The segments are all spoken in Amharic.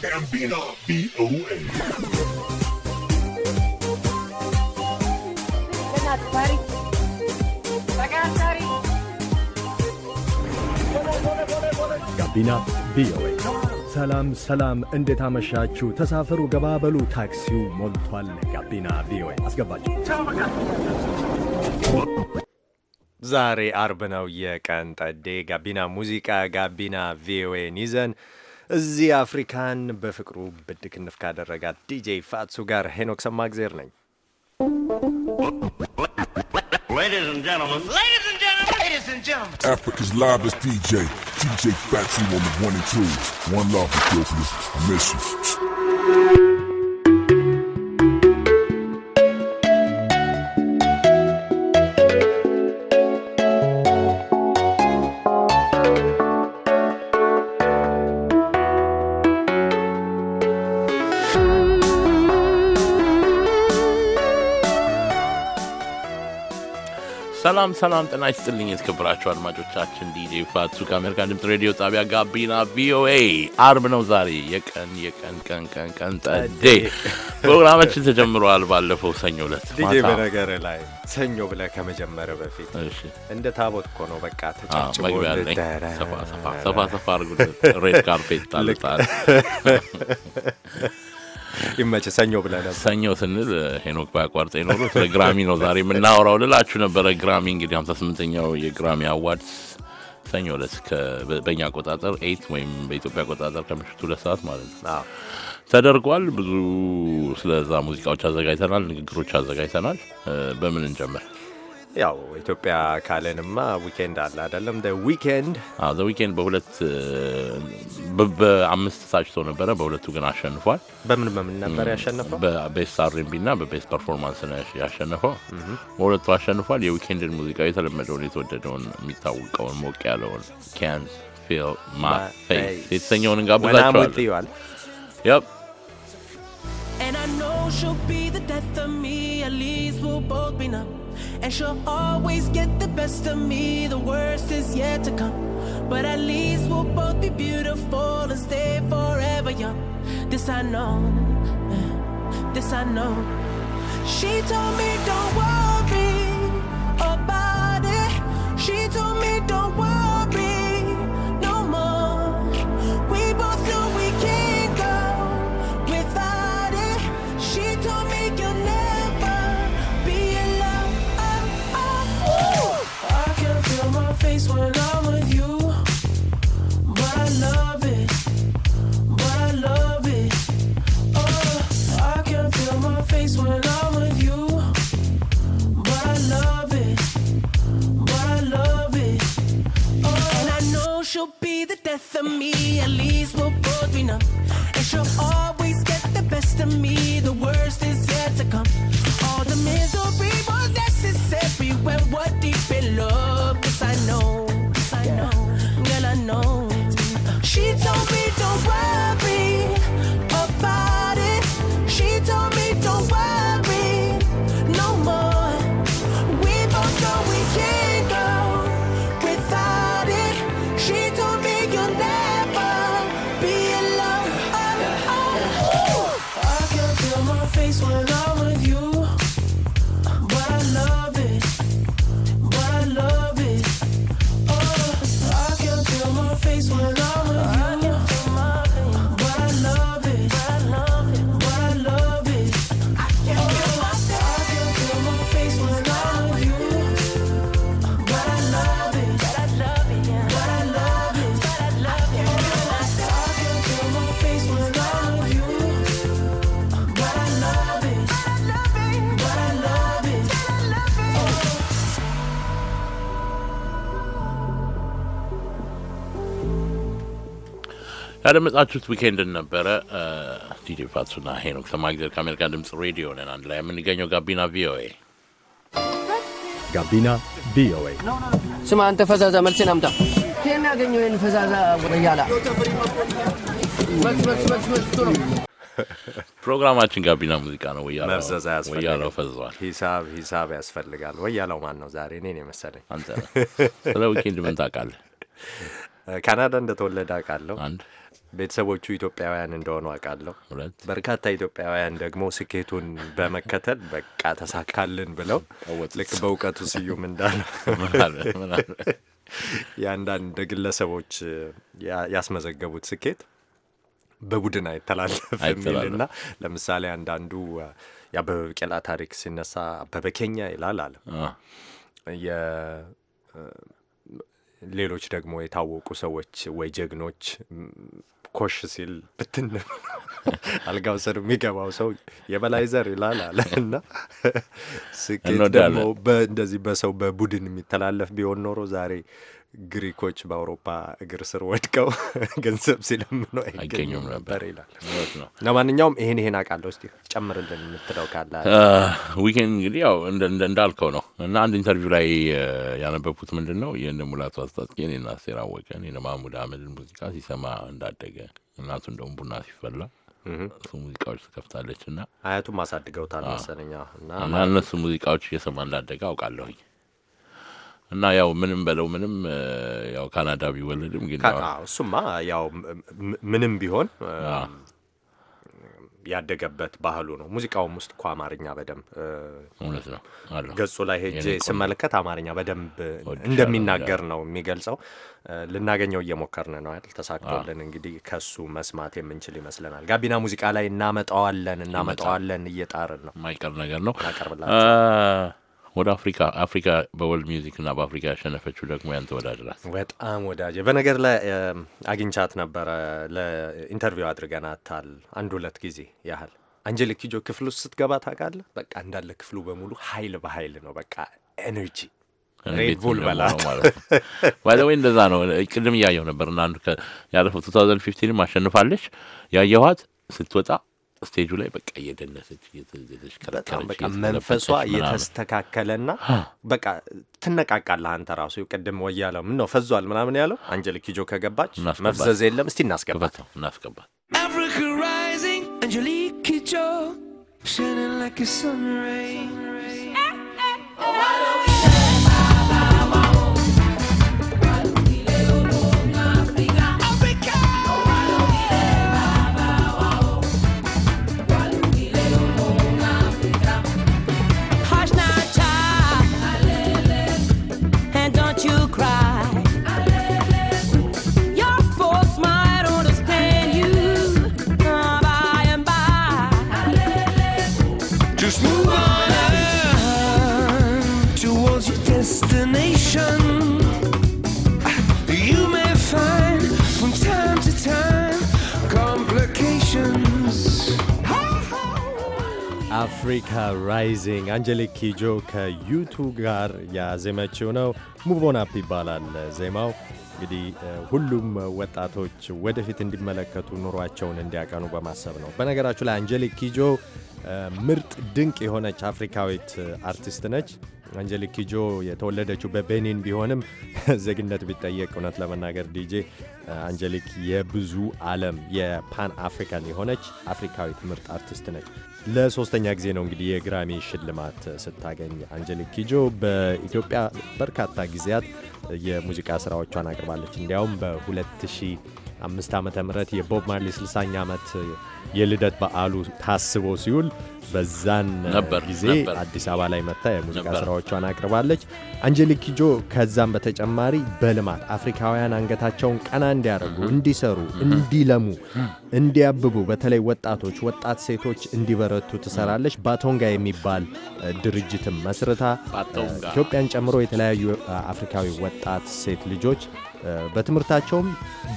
ጋቢና ቪኦኤ ጋቢና ቪኦኤ። ሰላም ሰላም፣ እንዴት አመሻችሁ? ተሳፈሩ፣ ገባበሉ፣ ታክሲው ሞልቷል። ጋቢና ቪኦኤ አስገባችሁ። ዛሬ አርብ ነው። የቀን ጠዴ ጋቢና ሙዚቃ ጋቢና ቪኦኤን ይዘን እዚህ አፍሪካን በፍቅሩ Ladies and ካደረጋት ዲጄ ፋትሱ ጋር ሄኖክ ሰማግዜር ነኝ። Africa's livest DJ, DJ Fatsu on the one and two. One love, Ethiopia. I miss you. ሰላም ሰላም፣ ጤና ይስጥልኝ የተከበራችሁ አድማጮቻችን፣ ዲጄ ፋቱ ከአሜሪካን ድምፅ ሬዲዮ ጣቢያ ጋቢና ቪኦኤ። አርብ ነው ዛሬ፣ የቀን የቀን ቀን ቀን ቀን ጠዴ ፕሮግራማችን ተጀምረዋል። ባለፈው ሰኞ ዕለት ዲጄ፣ በነገር ላይ ሰኞ ብለህ ከመጀመር በፊት እንደ ታቦት እኮ ነው በቃ ተጫጭቦ ሰፋ ሰፋ አድርጉ ሬድ ካርፔት ታልጣል ይመች ሰኞ ብለ ሰኞ ስንል ሄኖክ ባያቋርጠ የኖሩ ስለ ግራሚ ነው ዛሬ የምናወራው ልላችሁ ነበረ። ግራሚ እንግዲህ ሀምሳ ስምንተኛው የግራሚ አዋርድስ ሰኞ ዕለት በእኛ አቆጣጠር ኤት ወይም በኢትዮጵያ አቆጣጠር ከምሽቱ ሁለት ሰዓት ማለት ነው ተደርጓል። ብዙ ስለዛ ሙዚቃዎች አዘጋጅተናል፣ ንግግሮች አዘጋጅተናል። በምን እንጀምር? ያው ኢትዮጵያ ካለንማ ዊኬንድ አለ አይደለም። ዊኬንድ ዊኬንድ በሁለት በአምስት ተሳጭቶ ነበረ። በሁለቱ ግን አሸንፏል። በምን በምን ነበር ያሸነፈው? በቤስት አርንቢ እና በቤስት ፐርፎርማንስ ነው ያሸነፈው በሁለቱ አሸንፏል። የዊኬንድን ሙዚቃ የተለመደውን የተወደደውን የሚታወቀውን ሞቅ ያለውን ካን ፊል ማ ፌስ የተሰኘውን እንጋብዛቸዋል። And I know she'll be the death of me. At least we'll both be numb. And she'll always get the best of me, the worst is yet to come. But at least we'll both be beautiful and stay forever young. This I know, this I know. She told me don't worry about it. She told me don't worry. ያደመጣችሁት ዊኬንድን ነበረ። ዲጄ ፋቱና ሄኖክ ተማግዘር ከአሜሪካ ድምፅ ሬዲዮ ነን አንድ ላይ የምንገኘው ጋቢና ቪኦኤ ጋቢና ቪኦኤ። ስማ አንተ ፈዛዛ መልሴን አምጣ። ይህን ያገኘው ይህን ፈዛዛ ያላ ፕሮግራማችን ጋቢና ሙዚቃ ነው። ወያላው አያስፈልግም። ፈዘዋል። ሂሳብ ሂሳብ ያስፈልጋል። ወያላው ማን ነው ዛሬ? እኔ የመሰለኝ። አንተ ስለ ዊኬንድ ምን ታውቃለህ? ካናዳ እንደተወለደ አውቃለሁ። ቤተሰቦቹ ኢትዮጵያውያን እንደሆኑ አውቃለሁ። በርካታ ኢትዮጵያውያን ደግሞ ስኬቱን በመከተል በቃ ተሳካልን ብለው ልክ በእውቀቱ ስዩም እንዳለው የአንዳንድ ግለሰቦች ያስመዘገቡት ስኬት በቡድን አይተላለፍ የሚልና ለምሳሌ አንዳንዱ የአበበ ቢቂላ ታሪክ ሲነሳ አበበ ኬኛ ይላል አለ ሌሎች ደግሞ የታወቁ ሰዎች ወይ ጀግኖች ኮሽ ሲል ብትን አልጋው ስር የሚገባው ሰው የበላይ ዘር ይላል አለ እና ስኬት ደግሞ እንደዚህ በሰው በቡድን የሚተላለፍ ቢሆን ኖሮ ዛሬ ግሪኮች በአውሮፓ እግር ስር ወድቀው ገንዘብ ሲለምኑ አይገኙም ነበር ይላል። ለማንኛውም ይሄን ይሄን አውቃለሁ እስኪ ጨምርልን የምትለው ካለ ዊኬንድ እንግዲህ ያው እንዳልከው ነው እና አንድ ኢንተርቪው ላይ ያነበብኩት ምንድን ነው የእነ ሙላቱ አስታጥቄን የእነ አስቴር አወቀን የእነ ማህሙድ አህመድን ሙዚቃ ሲሰማ እንዳደገ እናቱ እንደውም ቡና ሲፈላ እሱ ሙዚቃዎች ትከፍታለች እና አያቱም አሳድገውታል መሰለኝ እና እነሱ ሙዚቃዎች እየሰማ እንዳደገ አውቃለሁኝ። እና ያው ምንም በለው ምንም ያው ካናዳ ቢወለድም ግን እሱማ ያው ምንም ቢሆን ያደገበት ባህሉ ነው። ሙዚቃውም ውስጥ እኮ አማርኛ በደንብ እውነት ነው አለው። ገጹ ላይ ሄጄ ስመለከት አማርኛ በደንብ እንደሚናገር ነው የሚገልጸው። ልናገኘው እየሞከርን ነው አይደል? ተሳክቶልን እንግዲህ ከሱ መስማት የምንችል ይመስለናል። ጋቢና ሙዚቃ ላይ እናመጣዋለን እናመጣዋለን እየጣርን ነው። የማይቀር ነገር ነው። ወደ አፍሪካ አፍሪካ በወርልድ ሚውዚክ እና በአፍሪካ ያሸነፈችው ደግሞ ያንተ ወዳጅ ናት። በጣም ወዳጅ በነገር ላይ አግኝቻት ነበረ፣ ለኢንተርቪው አድርገናታል አንድ ሁለት ጊዜ ያህል። አንጀሊክ ኪጆ ክፍል ውስጥ ስትገባ ታውቃለህ፣ በቃ እንዳለ ክፍሉ በሙሉ ሀይል በሀይል ነው፣ በቃ ኤነርጂ ሬድቡል በላት ባይዘወይ እንደዛ ነው። ቅድም እያየው ነበር እና ያለፈው ቱ ታውዘንድ ፊፍቲንም አሸንፋለች። ያየኋት ስትወጣ ስቴጁ ላይ በቃ እየደነሰች እየተሽከረከረች መንፈሷ እየተስተካከለና በቃ ትነቃቃለህ። አንተ ራሱ ቅድም ወያለው ምን ነው ፈዟል ምናምን ያለው አንጀሊክ ኪጆ ከገባች መፍዘዝ የለም። እስቲ እናስገባት እናስገባት Shining like አፍሪካ ራይዚንግ አንጀሊክ ኪጆ ከዩቱ ጋር ያዜመችው ነው። ሙቮናፕ ይባላል ዜማው። እንግዲህ ሁሉም ወጣቶች ወደፊት እንዲመለከቱ ኑሯቸውን እንዲያቀኑ በማሰብ ነው። በነገራችሁ ላይ አንጀሊክ ኪጆ ምርጥ ድንቅ የሆነች አፍሪካዊት አርቲስት ነች። አንጀሊክ ኪጆ የተወለደችው በቤኒን ቢሆንም ዜግነት ቢጠየቅ እውነት ለመናገር ዲጄ አንጀሊክ የብዙ ዓለም የፓን አፍሪካን የሆነች አፍሪካዊት ምርጥ አርቲስት ነች። ለሶስተኛ ጊዜ ነው እንግዲህ የግራሚ ሽልማት ስታገኝ። አንጀሊክ ኪጆ በኢትዮጵያ በርካታ ጊዜያት የሙዚቃ ስራዎቿን አቅርባለች። እንዲያውም በ2000 አምስት ዓመተ ምህረት የቦብ ማርሊ 60ኛ ዓመት የልደት በዓሉ ታስቦ ሲውል በዛን ጊዜ አዲስ አበባ ላይ መታ የሙዚቃ ስራዎቿን አቅርባለች። አንጀሊክ ኪጆ ከዛም በተጨማሪ በልማት አፍሪካውያን አንገታቸውን ቀና እንዲያደርጉ፣ እንዲሰሩ፣ እንዲለሙ፣ እንዲያብቡ በተለይ ወጣቶች፣ ወጣት ሴቶች እንዲበረቱ ትሰራለች። ባቶንጋ የሚባል ድርጅትም መስርታ ኢትዮጵያን ጨምሮ የተለያዩ አፍሪካዊ ወጣት ሴት ልጆች በትምህርታቸውም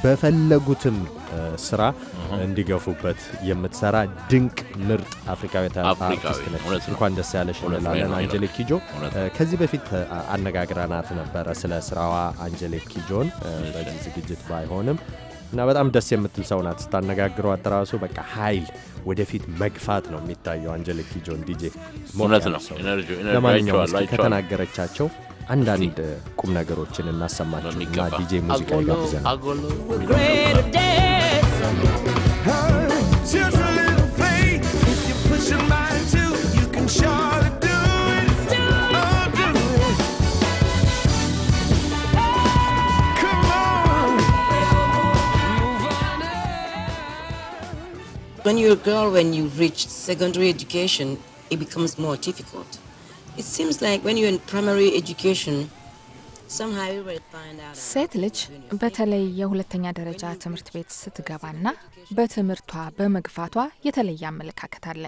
በፈለጉትም ስራ እንዲገፉበት የምትሰራ ድንቅ ምርጥ አፍሪካዊት አርቲስት ነች። እንኳን ደስ ያለሽ እንላለን አንጀሊክ ኪጆ። ከዚህ በፊት አነጋግረናት ነበረ ስለ ስራዋ አንጀሊክ ኪጆን በዚህ ዝግጅት ባይሆንም እና በጣም ደስ የምትል ሰው ናት። ስታነጋግረው አተራሱ በቃ ኃይል ወደፊት መግፋት ነው የሚታየው አንጀሊክ ኪጆን ዲጄ። እውነት ነው። ለማንኛውም ከተናገረቻቸው አንዳንድ ቁም ነገሮችን እናሰማችሁ እና ዲጄ ሙዚቃ ይጋብዘናል። When you're a girl, when you reach secondary education, it becomes more difficult. ሴት ልጅ በተለይ የሁለተኛ ደረጃ ትምህርት ቤት ስትገባና በትምህርቷ በመግፋቷ የተለየ አመለካከት አለ።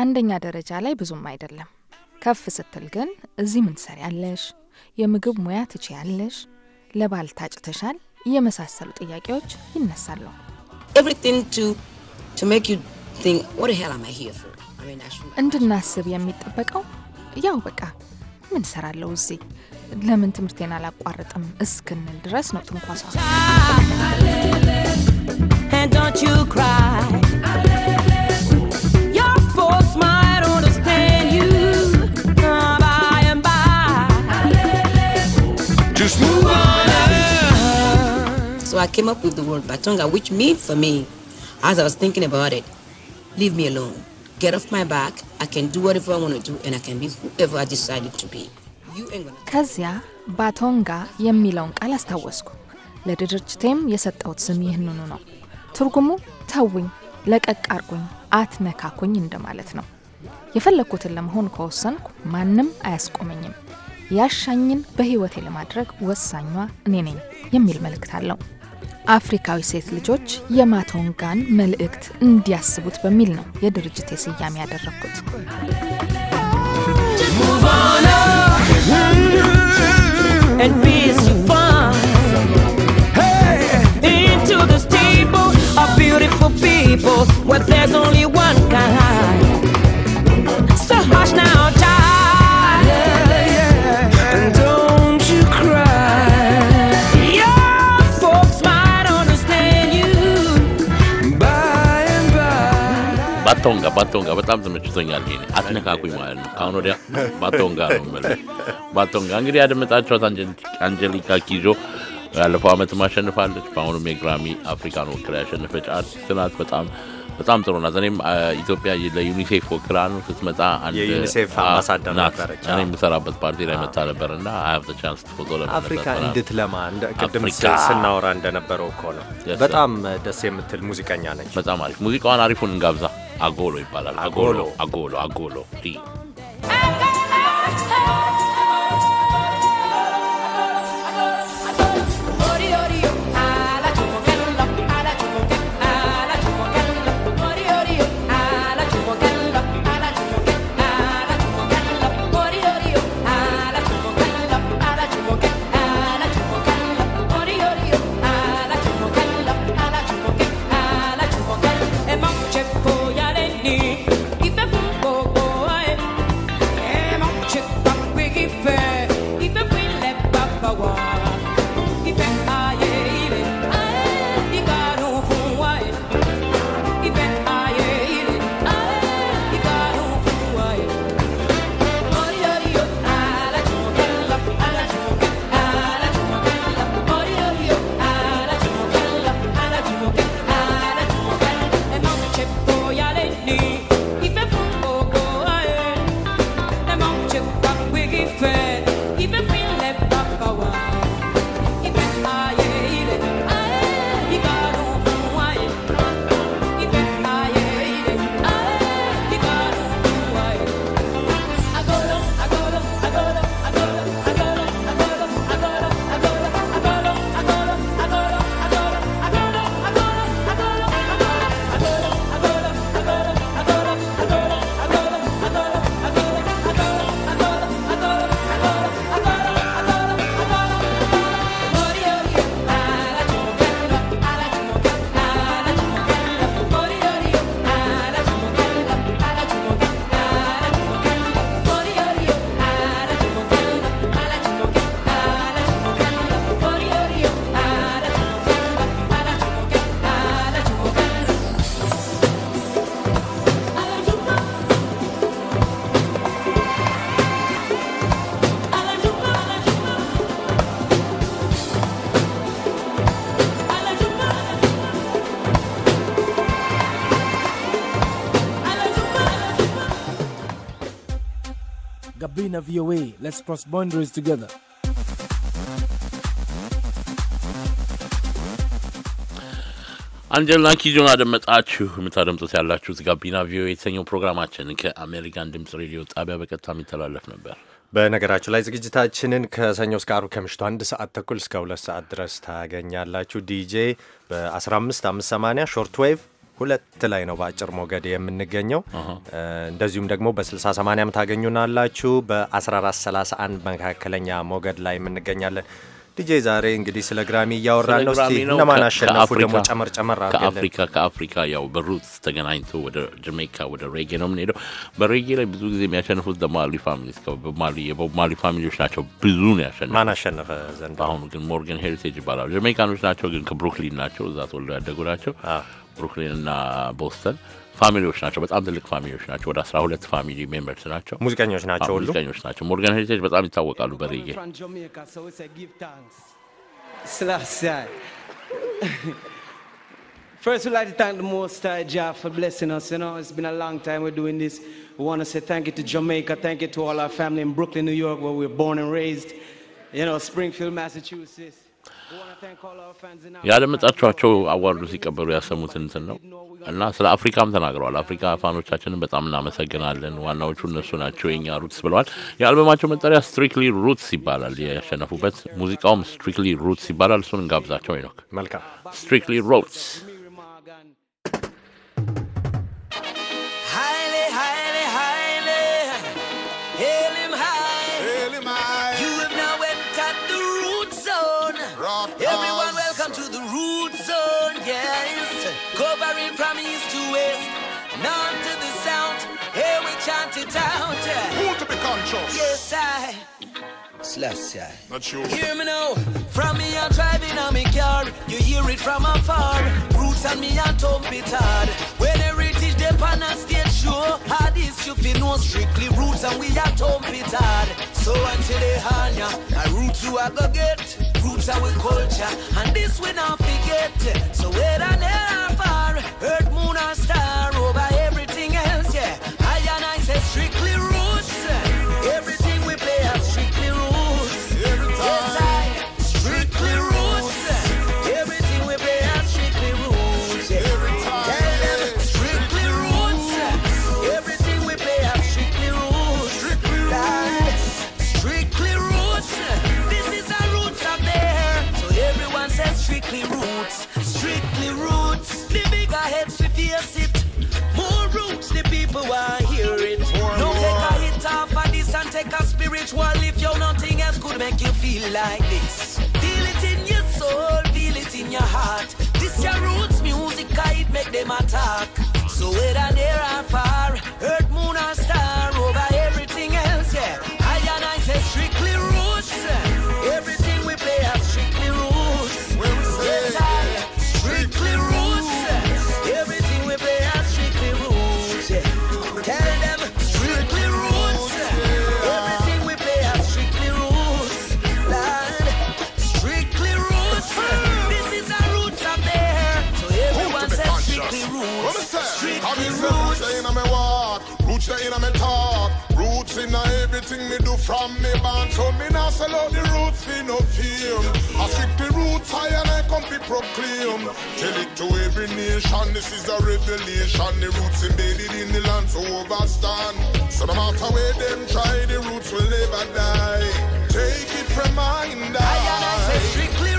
አንደኛ ደረጃ ላይ ብዙም አይደለም። ከፍ ስትል ግን እዚህ ምን ትሰሪያለሽ፣ የምግብ ሙያ ትችያለሽ፣ ለባል ታጭተሻል፣ የመሳሰሉ ጥያቄዎች ይነሳሉ። እንድናስብ የሚጠበቀው ያው በቃ ምን ሰራለሁ እዚህ ለምን ትምህርቴን አላቋርጥም እስክንል ድረስ ነው ትንኳሷ። So I came up with the word Batonga, which means for me, as I was thinking about it, leave me alone. get off my back, I can do whatever I want to do and I can be whoever I decided to be. ከዚያ ባቶንጋ የሚለውን ቃል አስታወስኩ። ለድርጅቴም የሰጠሁት ስም ይህንኑ ነው። ትርጉሙ ተውኝ፣ ለቀቅ አርጉኝ፣ አትነካኩኝ እንደማለት ነው። የፈለግኩትን ለመሆን ከወሰንኩ ማንም አያስቆመኝም። ያሻኝን በህይወቴ ለማድረግ ወሳኟ እኔ ነኝ የሚል መልእክት አለው። አፍሪካዊ ሴት ልጆች የማቶንጋን መልእክት እንዲያስቡት በሚል ነው የድርጅት ስያሜ ያደረግኩት። People, where there's only one kind. So hush now. ባቶንጋ ባቶንጋ በጣም ተመችቶኛል። ይሄ አትነካኩኝ ማለት ነው። ከአሁን ወዲያ ባቶንጋ ነው መለ ባቶንጋ እንግዲህ ያደመጣችኋት አንጀሊካ ኪዞ ያለፈው ዓመትም አሸንፋለች። በአሁኑም የግራሚ አፍሪካን ወክላ ያሸነፈች አርቲስት ናት። በጣም በጣም ጥሩ ናት። እኔም ኢትዮጵያ ለዩኒሴፍ ወክላ ነው ስትመጣ የዩኒሴፍ አምባሳደር ነበረች። እኔ የምሰራበት ፓርቲ ላይ መታ ነበር እና ሀብ ቻንስ ፎቶ አፍሪካ እንድትለማ ቅድም ስናወራ እንደነበረው እኮ ነው። በጣም ደስ የምትል ሙዚቀኛ ነች። በጣም አሪፍ ሙዚቃዋን አሪፉን እንጋብዛ Agolo y para agolo, agolo, agolo, golo, ah, Let's cross boundaries together. አንጀላ ኪዞን አደመጣችሁ። የምታደምጡት ያላችሁት ጋቢና ቪዮ የተሰኘው ፕሮግራማችን ከአሜሪካን ድምፅ ሬዲዮ ጣቢያ በቀጥታ የሚተላለፍ ነበር። በነገራችን ላይ ዝግጅታችንን ከሰኞ እስከ ዓርብ ከምሽቱ አንድ ሰዓት ተኩል እስከ ሁለት ሰዓት ድረስ ታገኛላችሁ። ዲጄ በ15580 ሾርት ዌቭ ሁለት ላይ ነው በአጭር ሞገድ የምንገኘው። እንደዚሁም ደግሞ በ6080 የምታገኙናላችሁ። በ1431 መካከለኛ ሞገድ ላይ የምንገኛለን። ዲጄ ዛሬ እንግዲህ ስለ ግራሚ እያወራን ነው። እስቲ እነማን አሸነፉ ደግሞ ጨመር ጨመር ከአፍሪካ ከአፍሪካ ያው በሩት ተገናኝቶ ወደ ጀሜይካ ወደ ሬጌ ነው የምንሄደው። በሬጌ ላይ ብዙ ጊዜ የሚያሸንፉት ደማሊ ፋሚሊ የቦብ ማሊ ፋሚሊዎች ናቸው። ብዙ ነው ያሸነፉ። ማን አሸነፈ ዘንድ? አሁኑ ግን ሞርገን ሄሪቴጅ ይባላሉ። ጀሜይካኖች ናቸው፣ ግን ከብሩክሊን ናቸው። እዛ ተወልደው ያደጉ ናቸው። ብሩክሊን እና ቦስተን ፋሚሊዎች ናቸው። በጣም ትልቅ ፋሚሊዎች ናቸው። ወደ አስራ ሁለት ፋሚሊ ሜምበርስ ናቸው። ሙዚቀኞች ናቸው። ሙዚቀኞች ናቸው። ሞርጋን ሄሪቴጅ በጣም ይታወቃሉ በሬጌ First, we'd like to thank the Most High Jah for blessing us. You know, it's been a long time we're doing this. We want to say thank you to Jamaica, thank you to all our family in Brooklyn, New York, where we were born and raised. You know, Springfield, Massachusetts. ያደመጣችኋቸው አዋርዱ ሲቀበሉ ያሰሙት እንትን ነው እና ስለ አፍሪካም ተናግረዋል። አፍሪካ ፋኖቻችንን በጣም እናመሰግናለን፣ ዋናዎቹ እነሱ ናቸው የኛ ሩትስ ብለዋል። የአልበማቸው መጠሪያ ስትሪክሊ ሩትስ ይባላል። ያሸነፉበት ሙዚቃውም ስትሪክሊ ሩትስ ይባላል። እሱን እንጋብዛቸው ይኖክ መልካም ስትሪክሊ ሩትስ side. Not sure. Hear me now. From me, I'm driving on my car. You hear it from afar. Roots and me, I'm top hard. When heritage, they pan and state show. how this you feel no strictly roots and we are top hard. So until they hand ya, I roots you I go get. Roots are with culture. And this we not forget. So where I and far. Earth, moon, and star. Over everything else, yeah. I and I say strictly. make you feel like this. Feel it in your soul, feel it in your heart. This your roots music, I make them attack. So whether near or far, hurt thing me do from me band. So me not sell out the roots for no fame. I stick the roots high and I come be proclaim. Tell it to every nation, this is a revelation. The roots embedded in the land so overstand. So no matter where them try, the roots will never die. Take it from mine. I, I strictly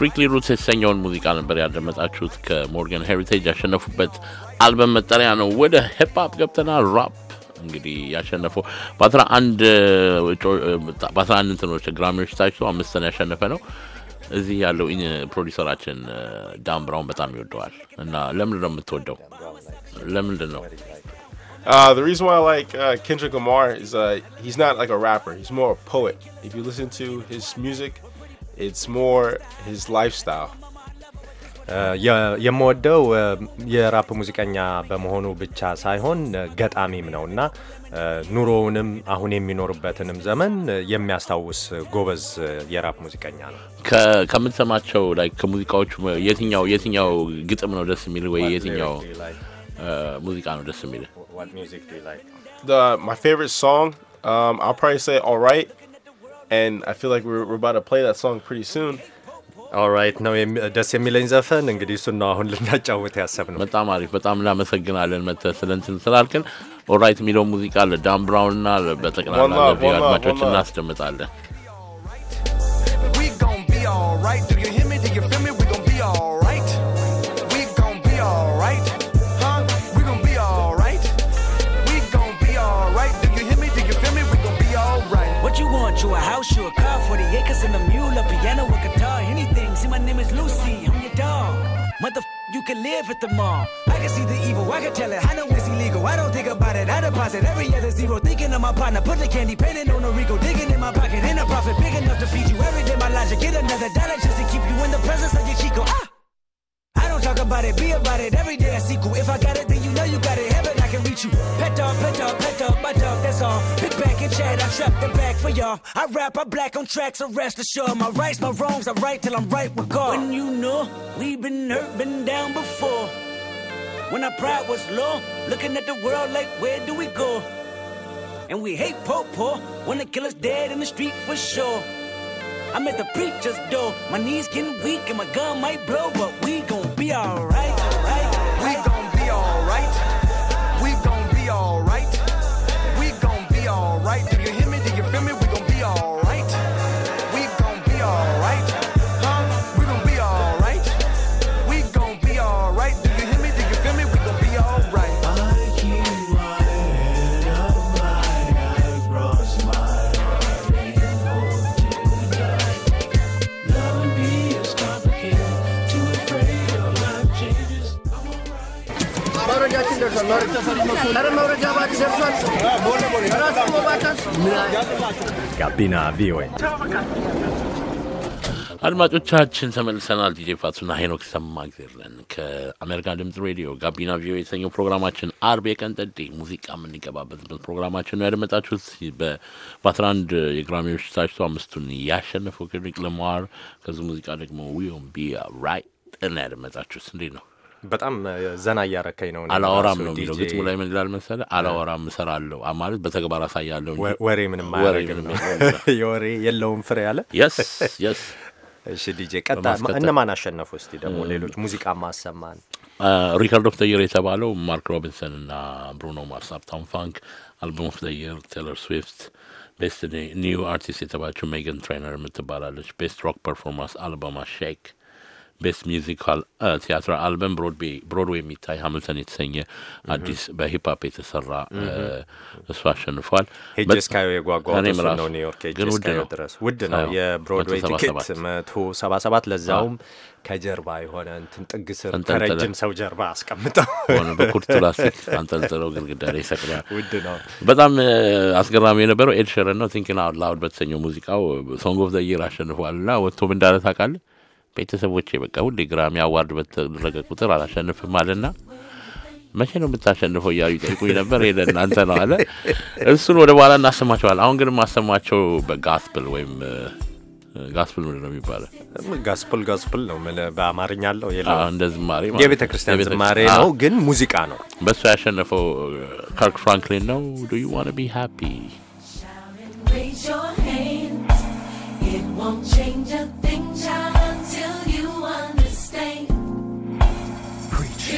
ፍሪክሊ ሩትስ የተሰኘውን ሙዚቃ ነበር ያደመጣችሁት። ከሞርጋን ሄሪቴጅ ያሸነፉበት አልበም መጠሪያ ነው። ወደ ሂፕ ሆፕ ገብተናል። ራፕ እንግዲህ ያሸነፈው በአስራ አንድ በአስራ አንድ እንትኖች ግራሚዎች ታጭቶ አምስትን ያሸነፈ ነው። እዚህ ያለው ፕሮዲሰራችን ዳን ብራውን በጣም ይወደዋል እና ለምንድን ነው የምትወደው? ለምንድን ነው? Uh, the reason why I like uh, Kendrick Lamar is uh, he's not like a rapper. He's more a poet. If you listen to his music, it's more his lifestyle. የምወደው የራፕ ሙዚቀኛ በመሆኑ ብቻ ሳይሆን ገጣሚም ነው እና ኑሮውንም አሁን የሚኖርበትንም ዘመን የሚያስታውስ ጎበዝ የራፕ ሙዚቀኛ ነው። ከምትሰማቸው ላይ ከሙዚቃዎቹ የትኛው የትኛው ግጥም ነው ደስ የሚል ወይ የትኛው ሙዚቃ ነው ደስ የሚል? My favorite song, um, I'll probably say All Right and I feel like we're, we're about to play that song pretty soon ኦራይት ነው ደስ የሚለኝ ዘፈን እንግዲህ እሱን ነው አሁን ልናጫወት ያሰብነው። በጣም አሪፍ በጣም እናመሰግናለን መተህ ስለ እንትን ስላልክን። ኦራይት የሚለው ሙዚቃ ለዳን ብራውን እና በጠቅላላ ለአድማጮች እናስደምጣለን። could live with the mall. I can see the evil, I can tell it. I know it's illegal. I don't think about it. I deposit every other zero. Thinking of my partner, put the candy painting on a Rico. Digging in my pocket, in a profit big enough to feed you. Every day, my logic, get another dollar just to keep you in the presence of your Chico. Ah! I don't talk about it, be about it. Every day, a sequel. If I got it, then you know you got it. Heaven, I can reach you. Pet dog, pet dog, pet dog structure the back for y'all. I rap, I black on tracks, so rest assured. My rights, my wrongs, I write till I'm right with God. When you know, we been hurt, been down before. When our pride was low, looking at the world like, where do we go? And we hate poor, poor. wanna kill us dead in the street for sure. I'm at the preacher's door, my knees getting weak and my gun might blow, but we gon' be alright. ጋቢና ቪኦኤ አድማጮቻችን ተመልሰናል። ዲጄ ፋቱና ሄኖክ ሰማ ግዜርለን ከአሜሪካን ድምጽ ሬዲዮ ጋቢና ቪኦኤ የተሰኘው ፕሮግራማችን አርብ የቀን ጠዴ ሙዚቃ የምንገባበትበት ፕሮግራማችን ነው። ያደመጣችሁት በአስራ አንድ የግራሚዎች ታጭቶ አምስቱን ያሸነፈው ኬንድሪክ ለማር ከዚህ ሙዚቃ ደግሞ ዊል ቢ ራይት እና ያደመጣችሁት እንዴት ነው? በጣም ዘና እያረከኝ ነው። አላወራም ነው የሚለው ግጥሙ ላይ ምን ይላል መሰለህ? አላወራም እሰራለሁ ማለት በተግባር አሳያለሁ። ወሬ ምንም አያረግም፣ የወሬ የለውም ፍሬ ያለ የስ እሺ ዲጄ ቀጣ እነማን አሸነፉ? እስቲ ደግሞ ሌሎች ሙዚቃ ማሰማን ሪካርድ ኦፍ ተየር የተባለው ማርክ ሮቢንሰን እና ብሩኖ ማርስ አፕታውን ፋንክ፣ አልበም ኦፍ ተየር ቴለር ስዊፍት፣ ቤስት ኒው አርቲስት የተባለችው ሜገን ትሬነር የምትባላለች፣ ቤስት ሮክ ፐርፎርማንስ አልበማ ሼክ ቤስት ሚዚካል ቲያትር አልበም ብሮድዌይ የሚታይ ሀምልተን የተሰኘ mm-hmm. አዲስ በሂፕሀፕ የተሰራ uh, mm-hmm. እሱ አሸንፏል። ሄጀስካዮ የጓጓነው ኒውዮርክ ሄጀስካዮ ድረስ ውድ ነው የብሮድዌይ ቲኬት መቶ ሰባ ሰባት ለዛውም ከጀርባ የሆነ እንትን ጥግ ስር ከረጅም ሰው ጀርባ አስቀምጠው ሆነ በኩርቱ ላስቲክ አንጠልጥለው ግድግዳ ላይ ይሰቅላል። ውድ ነው። በጣም uh, አስገራሚ የነበረው ኤድ ሼረን ነው ቲንኪንግ አውት ላውድ በተሰኘው ሙዚቃው ሶንግ ኦፍ ዘ ይር አሸንፏል። እና ወጥቶም እንዳለ ታውቃለህ ቤተሰቦቼ በቃ ሁሌ ግራሚ አዋርድ በተደረገ ቁጥር አላሸንፍም አለና መቼ ነው የምታሸንፈው እያሉ ይጠይቁኝ ነበር። ሄደ እናንተ ነው አለ። እሱን ወደ በኋላ እናሰማቸዋል። አሁን ግን የማሰማቸው በጋስፕል ወይም ጋስፕል ምንድን ነው የሚባለው? ጋስፕል ጋስፕል ነው ምን በአማርኛ አለው እንደ ዝማሬ የቤተ ክርስቲያን ዝማሬ ነው፣ ግን ሙዚቃ ነው። በሱ ያሸነፈው ከርክ ፍራንክሊን ነው። ዱ ዩ ዋን ቢ ሃፒ It won't change a thing, child.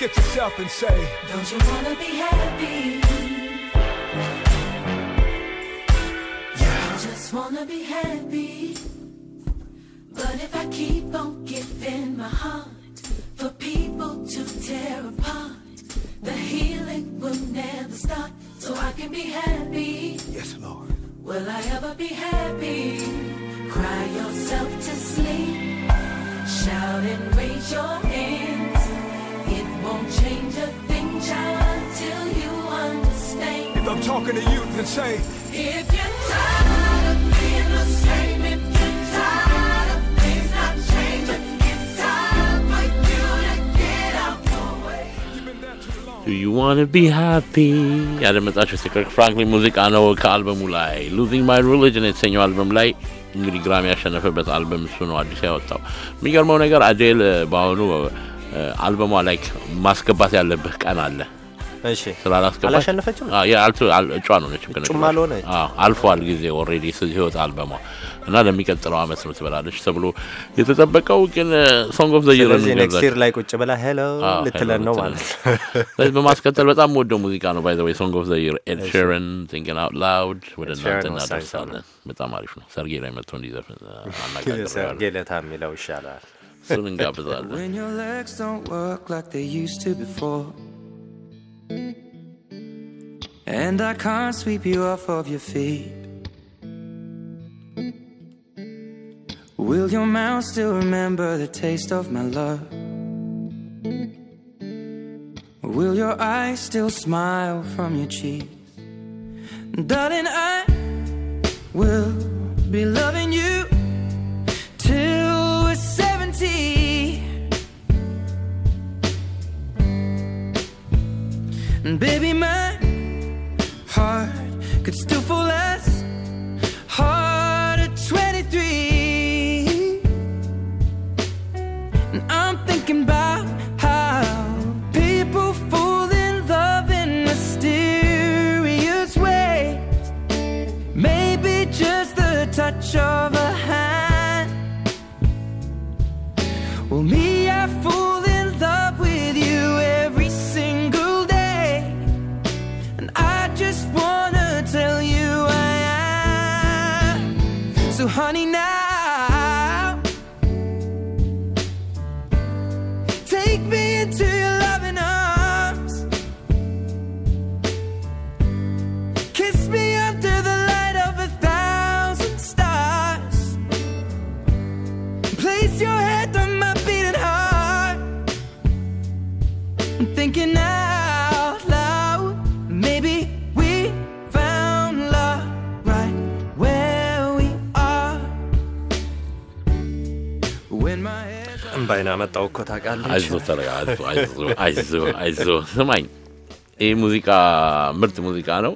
Look at yourself and say, Don't you wanna be happy? Yeah. I just wanna be happy. But if I keep on giving my heart for people to tear apart, the healing will never start. So I can be happy. Yes, Lord. Will I ever be happy? Cry yourself to sleep. Shout and raise your hand. If I'm talking to you, then say, If you're tired of being the same, if you're tired of things not changing, it's time for you to get out the way. Do you want to be happy? Adam met als je zeker Franklin I aanhouden ka album ulai. Losing My Religion የተሰኘው አልበም ላይ እንግዲህ ግራሚ ያሸነፈበት አልበም እሱ ነው አዲስ ያወጣው። የሚገርመው ነገር አዴል በአሁኑ አልበሟ ላይ ማስገባት ያለብህ ቀን አለ። ስላላስገባችም ነው አልሆነችም። አልፏል ጊዜ ኦልሬዲ ሲወጣ አልበሟ እና ለሚቀጥለው አመት ነው ትበላለች ተብሎ የተጠበቀው ግን ሶንግ ኦፍ ዘይር ኔክስር ላይ ቁጭ ብላ ሄሎ ልትለን ነው ማለት ነው። በማስከተል በጣም ወደው ሙዚቃ ነው ባይ ዘ ወይ ሶንግ ኦፍ ዘይር ኤድ ሼረን ቲንኪንግ አውት ላውድ ወደ እናንተ እናደርሳለን። በጣም አሪፍ ነው። ሰርጌ ላይ መጥቶ እንዲዘፍን አናጋገር ሰርጌ ለታ የሚለው ይሻላል። When your legs don't work like they used to before. And I can't sweep you off of your feet. Will your mouth still remember the taste of my love? Will your eyes still smile from your cheeks? Darling, I will be loving you baby, my And I just wanna tell you I am. So, honey, now. ቻይና መጣው እኮ ታውቃለህ። አይዞ ተረጋ፣ አይዞ አይዞ አይዞ። ስማኝ ይህ ሙዚቃ ምርጥ ሙዚቃ ነው።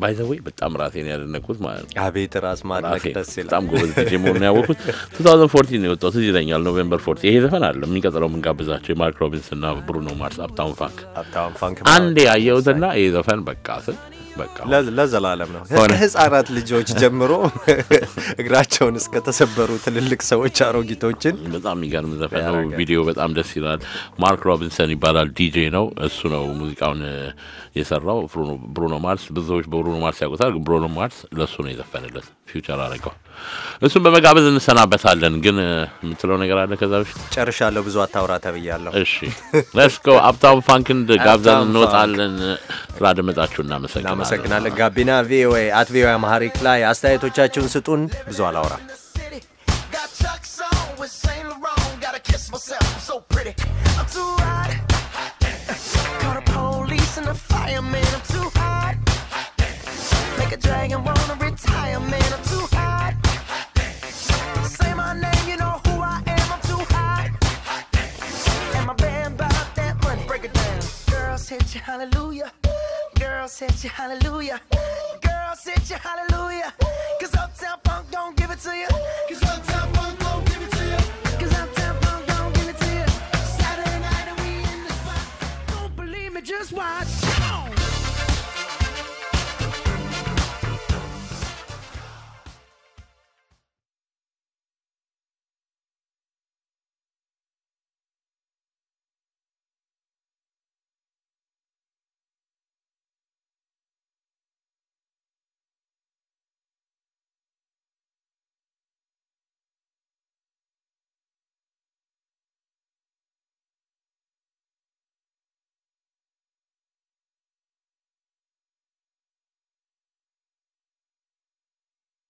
ባይዘወይ በጣም ራሴን ያደነኩት ማለት ነው። አቤት ራስ ማድነቅ ደስ ይላል። በጣም ጎበዝ ጊዜ መሆኑን ያወቅኩት 2014 ነው የወጣው። ትዝ ይለኛል ኖቬምበር 14 ይሄ ዘፈን አለ የሚቀጥለው የምንጋብዛቸው የማርክ ሮቢንስ እና ብሩኖ ማርስ አፕታውን ፋንክ። አንዴ አየሁትና ይሄ ዘፈን በቃ ስል ለዘላለም ነው። ከህጻናት ልጆች ጀምሮ እግራቸውን እስከተሰበሩ ትልልቅ ሰዎች አሮጊቶችን። በጣም የሚገርም ዘፈን ነው። ቪዲዮ በጣም ደስ ይላል። ማርክ ሮቢንሰን ይባላል፣ ዲጄ ነው። እሱ ነው ሙዚቃውን የሰራው። ብሩኖ ማርስ ብዙዎች በብሩኖ ማርስ ያውቁታል። ብሩኖ ማርስ ለእሱ ነው የዘፈንለት። ፊውቸር አረገው። እሱን በመጋበዝ እንሰናበታለን። ግን የምትለው ነገር አለ? ከዛ በፊት ጨርሻለሁ። ብዙ አታውራ ተብያለሁ። እሺ ለስኮ አፕታውን እንድ ጋብዛን እንወጣለን። ስላደመጣችሁ እናመሰግናለን። እናመሰግናለን። ጋቢና ቪኦኤ አት ቪኦኤ አማሃሪክ ላይ አስተያየቶቻችሁን ስጡን። ብዙ አላወራ hallelujah Girl, hit you hallelujah. Girl, hit you hallelujah. Cause Uptown Funk don't give it to you. Cause Uptown Funk